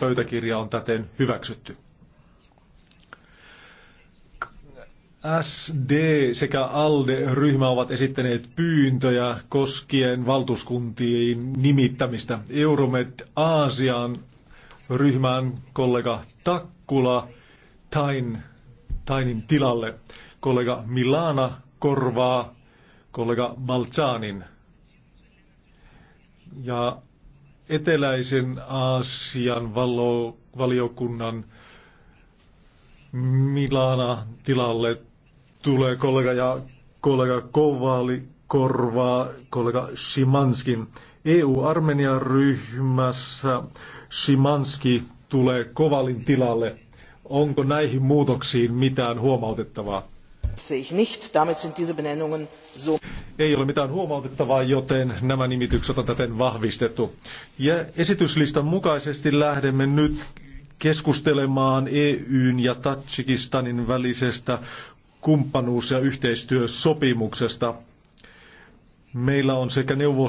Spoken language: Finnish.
Pöytäkirja on täten hyväksytty. SD sekä ALDE-ryhmä ovat esittäneet pyyntöjä koskien valtuuskuntien nimittämistä. Euromed Aasian ryhmään kollega Takkula Tain, Tainin tilalle. Kollega Milana korvaa kollega Balzanin. Ja eteläisen Aasian valo, valiokunnan Milana tilalle tulee kollega ja kollega Kovali korvaa kollega Shimanskin. EU-Armenia-ryhmässä Shimanski tulee Kovalin tilalle. Onko näihin muutoksiin mitään huomautettavaa? Sehe ich nicht. Damit sind diese Benennungen so. Ei ole mitään huomautettavaa, joten nämä nimitykset on täten vahvistettu. Ja esityslistan mukaisesti lähdemme nyt keskustelemaan EUn ja Tatsikistanin välisestä kumppanuus- ja yhteistyösopimuksesta. Meillä on sekä neuvoston